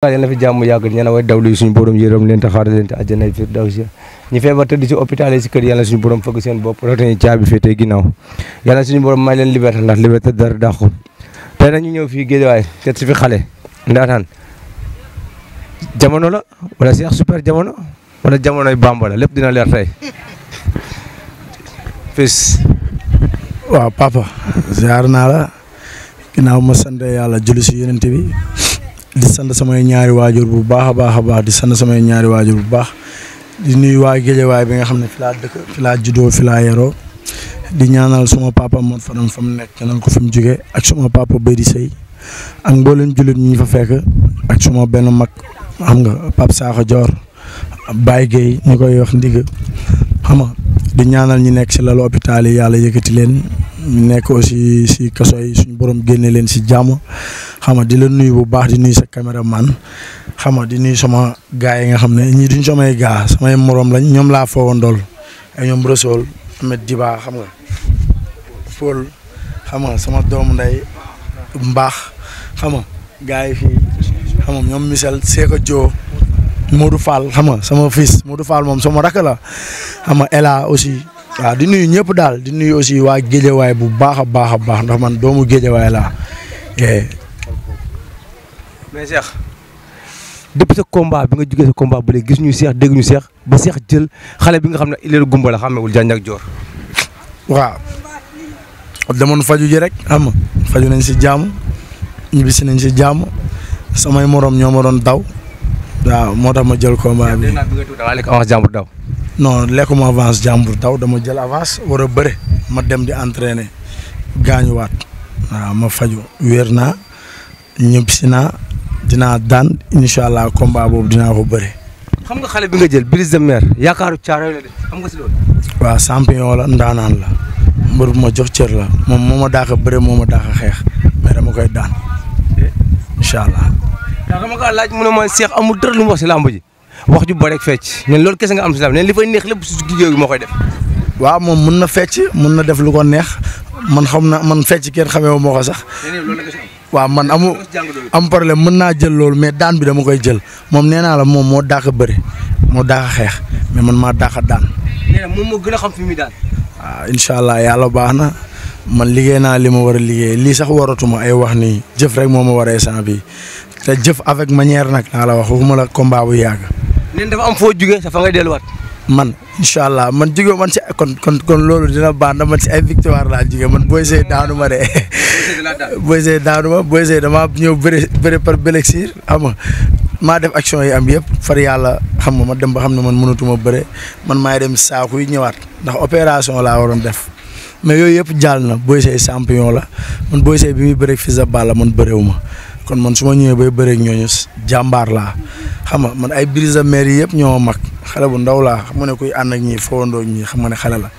waaw yéen a fi jàmm yàgg ñeena way dawlu yi suñu borom yërëm leen te xaaral leen te àjjanay firdawsi ñu feebar tëdd ci hôpital yi ci kër yàlla suñu borom fëgg seen bopp rawatina caabi féetee ginnaaw yàlla suñu borom may leen liberté ndax liberté dara dàqu tey nag ñu ñëw fii Guédiawaye seet si fi xale ndaataan jamono la wala Cheikh Super jamono wala jamonoy Bamba la lépp dina leer tey fis waaw papa ziar naa la ginnaaw ma sant yàlla julli ci yonent bi di sant samay ñaari waajur bu baax a baax a baax di sant samay ñaari waajur bu baax di nuyu waa Géejawaay bi nga xam ne fi laa dëkk fi laa juddoo fi laa yaroo di ñaanal suma papa Modou Fadam fa mu nekk ko fi mu jógee ak suma papa Bédi Sey ak mboolem jullit ñi fa fekk ak suma benn mag xam nga Pape Sakho Dior Baye Gueye ñu koy wax ndig xam nga di ñaanal ñu nekk si lalu hôpital yi yàlla yëkkati leen. ñu nekk aussi si kaso yi suñu borom génne leen si jàmm xam nga di la nuyu bu baax di nuy sa caméraman xam nga di nuy sama gars yi nga xam ne ñii duñ samay gaa samay morom lañ ñoom laa foogandool ay ñoom Rasool Ahmed Diba xam nga Paul xam nga sama doomu nday mbaax xam nga yi fii xam nga ñoom Michel Seka Dio Modou Fall xam nga sama fils Modou Fall moom sama rakk la xam nga aussi. waaw di nuyu ñëpp daal di nuyu aussi waa géejawaay bu baax a baax a baax ndax man doomu géejawaay laa. Eh. mais Cheikh depuis sa combat bi nga jugee sa combat bu léegi gis ñuy seex dégg ñu Cheikh ba seex jël xale bi nga xam ne ileer gumba la xamewul jàng ak joor. waaw demoon faju ji rek am nga faju nañ si jàmm ñibbisi nañ si jàmm samay moroom ñoo ma doon daw waaw moo tax ma jël combat bi. non lekkuma avance jàmbur daw dama jël avance war a bëre ma dem di entraîner gaañuwaat waaw ma faju wér naa ñëpp si naa dinaa daan incha allah combat boobu dinaa ko bëre. xam nga xale bi nga jël Brise de Mer yaakaaru caaroy la de xam nga waaw champion la ndaanaan la mbër ma jox cër la moom moo ma daax a bëre moo ma daax a xeex mais dama koy daan eh. incha allah. yaa ma ko laaj mu lu mu wax si làmb ji. wax ju bari ak fecc neen loolu kese nga am si neen li fay neex lépp su géew gi moo koy def. waaw moom mun na fecc mun na def lu ko neex man xam na man fecc kenn xamee wu ma ko sax. waaw man amu am problème mën naa jël loolu mais daan bi dama koy jël moom nee naa la moom moo dàq bëri moo dàq xeex mais man maa dàq daan. nee na gën a xam fi muy daan. waaw ah, incha allah yàlla baax na man liggéey naa li ma war a liggéey lii sax waratuma ay wax nii jëf rek moo ma war a bi te jëf avec manière nag naa la wax waxuma la combat bu yàgg. neen dafa am foo jugee sa fa delluwaat. man incha allah man jugee man si kon kon kon loolu dina baax na man ci ay victoire laa jugee man Boy Seye daanu ma de. Boy Seye daanu ma Boy damaa ñëw bëri bëri par Bélexir xam nga maa def action yi am yëpp far yàlla xam nga ma dem ba xam ne man mënatuma bëre man maay dem saaku yi ñëwaat ndax opération laa waroon def mais yooyu yëpp jàll na Boy Seye champion la man Boy Seye bi muy bëre Fils de Balla man bëreewu ma kon man su ma ñëwee bay bëreeg ñooñu jàmbaar laa xam nga man ay brise mer yi yëpp ñoo mag xale bu ndaw laa xam nga ne kuy ànd ak ñi fowandoo ñi xam nga ne xale la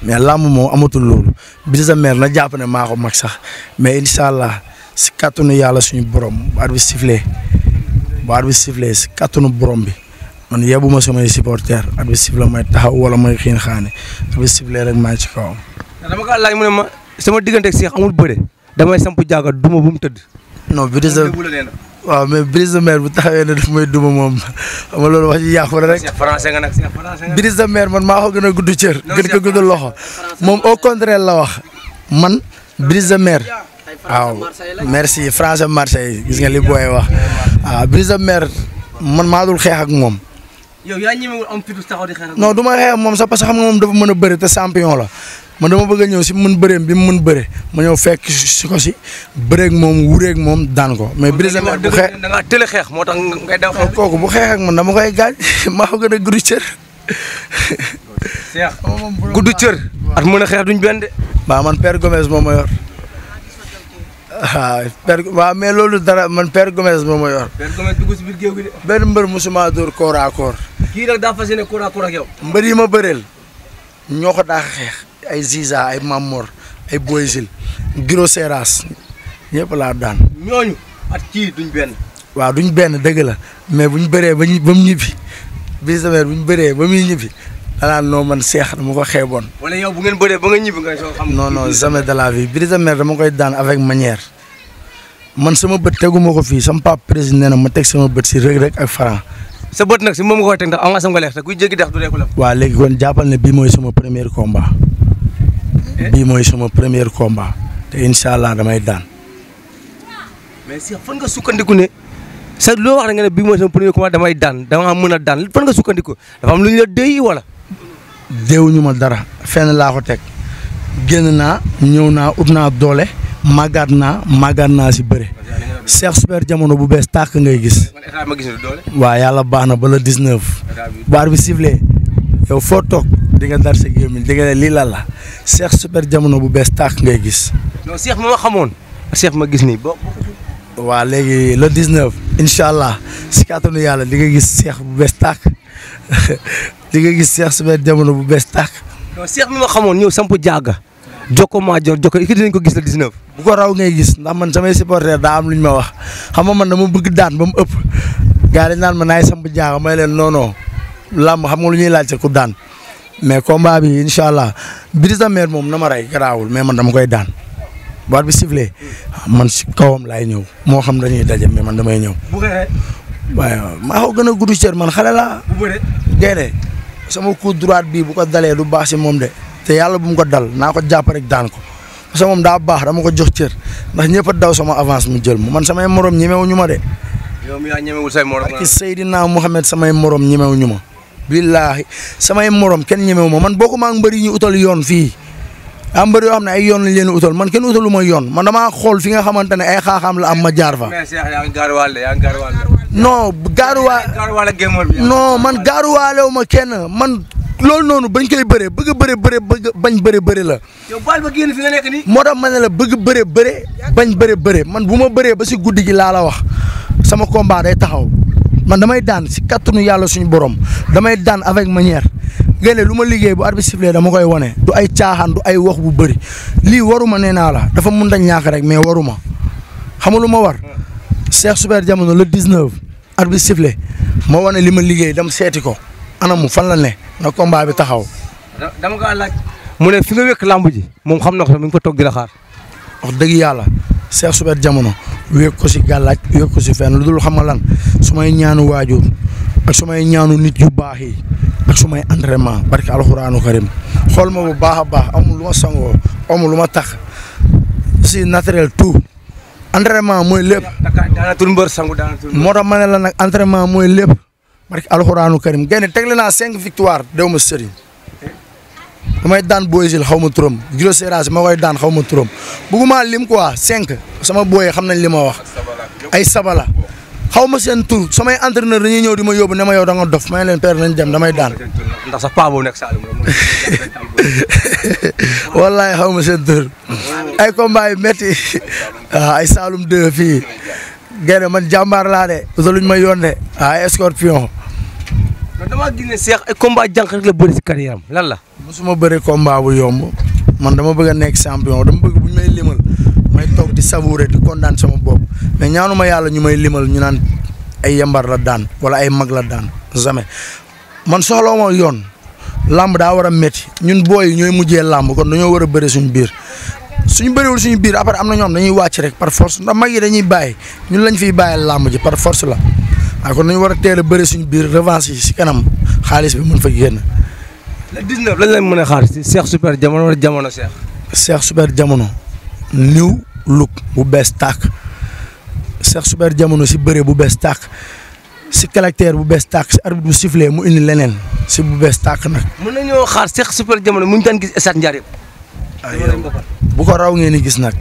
mais làmb moom amatul loolu brise mer na jàpp ne maa ko mag sax mais incha allah si kàttanu yàlla suñu borom bu arbitre sifflé bu arbitre sifflé si kàttanu borom bi. man yebbu ma samay supporter arbitre siffle may taxaw wala may xiin xaane arbitre siffle rek maa ci kawam. ma sama diggante ak Cheikh amul bëre damay samp jaaga duma bu mu tëdd. non brise de waaw mais brise bu taxawee ne daf duma moom xam nga loolu wax ji yàqu la rek. français nga nag brise de mer man maa ko gën a gudd cër. gën ko loxo moom au contraire la wax man brise de mer. waaw merci français Marseille gis nga li booy wax waaw brise de mer man maa dul xeex ak moom. yow yaa ñemewul am tudd taxaw di moom. non du parce que xam nga moom dafa mën a bëri te champion la. man dama bëgg a ñëw si mën bëreem bi mu mën bëre ma ñëw fekk si ko si bëreeg moom wureeg moom daan ko mais Brise de Mer bu xeex moo tax ngay daw xeex kooku bu xeex ak man dama koy gaañ maa ko a gudd xeex duñ benn de waaw man Père Gomez moom ma yor waaw Père mais loolu dara man Père Gomez moom ma yor. Père Gomez si biir géew gi de. benn mbër musuma dóor corps à corps. yi ma bëreel ñoo ko daax xeex. ay Ziza ay Mamor ay Boysil Giro Seras ñëpp laa daan. ñooñu at kii duñ benn. waaw duñ benn dëgg la mais buñ bëree ba ñu ba mu ñibbi bii semaine buñ bëree ba muy ñibbi danaa noo man seex dama ko xeeboon. wala yow bu ngeen bëree ba nga ñibbi nga soo xam. non non de la vie bii semaine dama koy daan avec manière man sama bët teguma ko fii sama papa président nee na ma teg sama bët si rek rek ak Franc. sa bët nag si moom nga koy teg ndax am nga sam nga leex te kuy jéggi dex du dee la. waaw léegi kon jàppal ne bii mooy sama premier combat. Eh? bii mooy sama premier combat te incha allah damay daan. mais nga sukkandiku ne sa loo wax rek nga ne bii mooy sama premier combat damay daan dama mën a daan fan nga sukkandiku dafa am lu ñu la déy wala. déewuñu ma dara fenn laa ko teg génn naa ñëw naa ut naa doole màggaat naa màggaat naa si bëre. Cheikh Super jamono bu bees tàkk ngay gis. waaw yàlla baax na bala le 19. bi sifflé yow foo toog. di nga dar gémmiñ di nga ne lii lan la Cheikh super jamono bu bees tàkk ngay gis. non Cheikh ma xamoon Cheikh ma gis nii ba. waa léegi le 19 incha allah si kàttanu yàlla di nga gis Cheikh bu bees tàkk di nga gis Cheikh super jamono bu bees tàkk. non Cheikh mi ma xamoon ñëw samp jaaga. jokko maa jor jokko ki dinañ ko gis la 19. bu ko raw ngay gis ndax man samay supporter daa am lu ñu ma wax xam nga man na dama bëgg daan ba mu ëpp gars yi dañ naan ma naay samp jaaga may leen non non xam nga lu ñuy laajte ku daan. mais combat bi incha allah Brise moom na ma rey garaawul mais man dama koy daan baat bi sifflé man si kawam laay ñëw moo xam dañuy daje mais man damay ñëw. bu xeexee. maa ko gën a gudd cër man xale la bu sama coup droite bii bu ko dalee du baax si moom de. te yàlla bu mu ko dal naa ko jàpp rek daan ko parce que moom daa baax dama ko jox cër ndax ñëpp a daw sama avance mu jël man samay morom ñemewuñu ma de. yow yaa ñemewul say naa ak Seydina samay morom ñemewuñu ma. billaahi samay morom kenn ñemewu ma man bokkuma ak mbër yi ñu utal yoon fii am mbër yoo xam ne ay yoon lañ leen utal man kenn utalu ma yoon man damaa xool fi nga xamante ne ay xaaxaam la am ma jaar fa. non gaaruwaale non man gaaruwaale wu ma kenn man loolu noonu bañ koy bëree bëgg bëre bëre bëgg bañ bëre bëre la. yow baal ma fi nga moo tax ma ne la bëgg bëre bëre bañ bëre bëre man bu ma bëree ba si guddi gi laa la wax sama combat day taxaw man damay daan si kattanu yàlla suñu borom damay daan avec manière Gaynde lu ma liggéey bu arbitre sifflé dama koy wane du ay caaxaan du ay wax bu bëri lii waruma nee naa la dafa mun a ñàkk rek mais waruma xam nga lu ma war Cheikh Super Diamono le 19 arbitre sifflé ma wane li ma liggéey dama seeti ko anamu fan la ne na combat bi taxaw. dama ko mu ne fi nga wékk làmb ji moom xam na ko mu ngi fa toog di la xaar. wax dëgg yàlla Cheikh Super Diamono. wéeg ko si gàllaaj wéeg si fenn lu dul xam nga lan su may ñaanu waajur ak su may ñaanu nit yu baax yi ak su may entraînement barke alxuraanu karim xool ma bu baax a baax amul lu ma sangoo amul lu ma tax si naturel tout entraînement mooy lépp. daanatul mbër sangu daanatul moo tax ma ne la nag entraînement mooy lépp barke alxuraanu karim gaynde tegle naa cinq victoire dew ma sëriñ damay daan booy sil xaw ma turam gros serrage ma koy daan xaw ma turam bëgguma lim quoi cinq sama booy xam nañ li ma wax ay sabala xaw ma seen tur samay entraîneur dañuy ñëw di ma yóbbu ne ma yow da nga dof ma leen nañ dem damay daan. ndax sax paa boobu nekk Saalum wallaay xaw ma seen tur ay combat yu métti ah, ay Saalum 2 fii gene ma jàmbaar laa de luñ ma yónnee ah, ay Scorpion. man damaa gis ay combat jànq rek la bëri si carrière lan la. su musuma bëri combat bu yomb man dama bëgg a nekk champion dama bëgg bu ñu may limal may toog di savourer di kontaan sama bopp mais ñaanu ma yàlla ñu may limal ñu naan ay yambar la daan wala ay mag la daan jamais man soxla ma yoon lamb daa war a metti ñun booy ñooy mujjee làmb kon dañoo war a bëri suñu biir suñu bëriwul suñu biir après am na ñoom dañuy wàcc rek par force ndax mag yi dañuy bàyyi ñun lañ fiy bàyyi làmb ji par force la kon dañu war a teel a bëri suñu biir revanche si kanam xaalis bi mën fa génn. le 19 lañ leen mën a xaar si Cheikh Super Jamono wala Jamono Cheikh. Cheikh Super Jamono. new look bu bees tàkk Cheikh Super Jamono si bëre bu bees tàkk si caractère bu bees tàkk si arbitre bu sifflé mu indi leneen si bu bees tàkk nag. mën nañoo xaar Cheikh Super Jamono mu ñu daan gis Esat Ndiar yëpp. bu ko raw ngeen di gis nag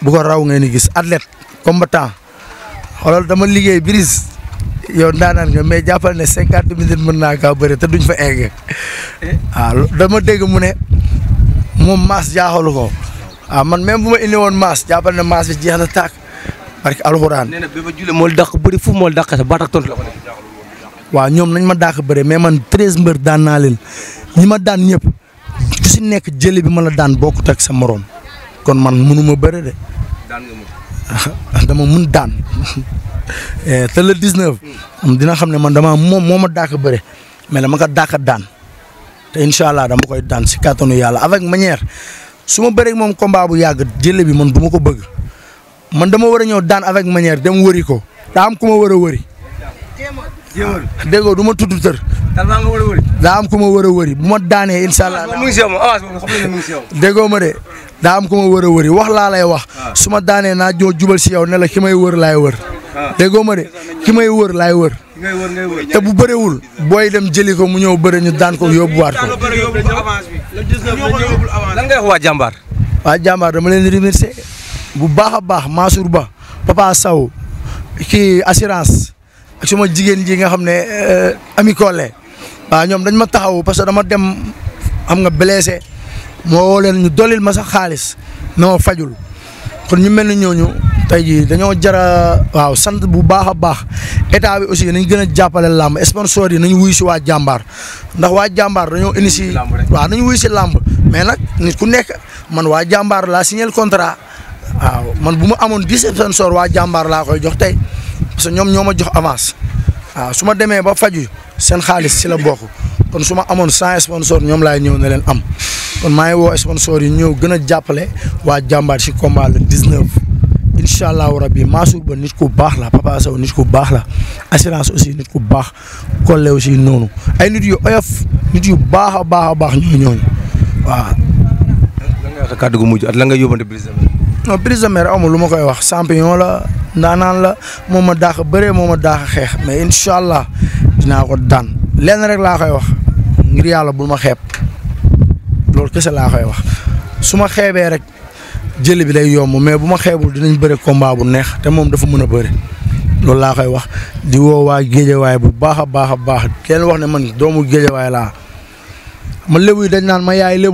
bu ko raw ngeen di gis athlète combattant xoolal dama liggéey brise. yow ndaanaan nga mais jàppal ne cinquante minutes mën naa kaa bëri te duñ fa egg waaw ah, dama dégg mu ne moom maas jaaxalu ko waaw ah, man même bu ma indi woon maas jàppal ne maas bi jeex na tàkk parce que alxuraan. nee na bi bëri fu moo dàq sa baat ak tontu la ko waaw ñoom nañ ma dàq bëri mais man treize mbër daan naa leen ñi ma daan ñëpp ku si nekk jëli bi ma la daan bokkut ak sa morom kon man mënu ma bëri de. daan nga mën. dama mun daan eh, te le 19. Hmm. dina xam ne man dama moom moo ma dàq bëre mais dama ko dàq daan te incha allah dama koy daan si kàttanu yàlla avec manière suma ma bëree moom combat bu yàgg jële bi man du ma ko bëgg man dama war a ñëw daan avec manière dem wëri ko daa am ku ma war a wëri. Ah, du ma tudd tër. daa am ku ma war a wëri bu ma daanee incha allah. ma de daa am ku ma wër a wëri wax laa lay wax ah. su ma daanee naa joo jubal si yow ne la ki may wër laay wër ah. déggoo ma de ki may wër laay wër te bu bëriwul booy dem jëli ko mu ñëw bëri ñu daan ko yóbbuwaat ko. lan ngay wax waa jàmbaar. waa jàmbaar dama leen di remercier bu baax a baax Mansour Ba Papa Sow kii assurance ak suma jigéen ji nga xam ne euh, ami Collé waaw ñoom dañ ma taxaw parce que dama dem xam nga blessé. moo woo leen ñu dollil ma sax xaalis noo fajul kon ñu mel ni ñooñu tey jii dañoo jara waaw sant bu baax a baax état bi aussi nañ gën a jàppale làmb sponsor yi nañu wuy si waa jàmbaar ndax waa jàmbaar dañoo indi si waaw nañ wuy si làmb mais nag nit ku nekk man waa jàmbaar laa signé contrat waaw man bu mu amoon dix sponsor waa jàmbaar laa koy jox tey parce que ñoom ñoo ma jox avance waaw su ma demee ba faju seen xaalis si la bokk kon su ma amoon cent sponsor ñoom laay ñëw na leen am kon maa ngi woo sponsor yi ñëw gën a jàppale waa jàmbaar si combat le 19 incha allahu rabi Mansour Ba nit ku baax la Papa Sow nit ku baax la assurance aussi nit ku baax Collé aussi noonu ay nit yu oyof nit yu baax a baax a baax ñooñu ñooñu waaw. lan nga wax kàddu gu mujj at lan nga yóbbante Brise de Mer. amul lu ma koy wax champion la ndaanaan la moom ma daax a bëree moo ma daax a xeex mais incha allah dinaa ko daan lenn rek laa koy wax ngir yàlla bul ma xeeb. loolu kese laa koy wax su ma xeebee rek jëli bi day yomb mais bu ma xeebul dinañ bëri combat bu neex te moom dafa mën a bëri loolu laa koy wax di woo waa géejawaay bu baax a baax a baax kenn wax ne man doomu géejawaay laa ma lébu dañ naan ma yaay lébu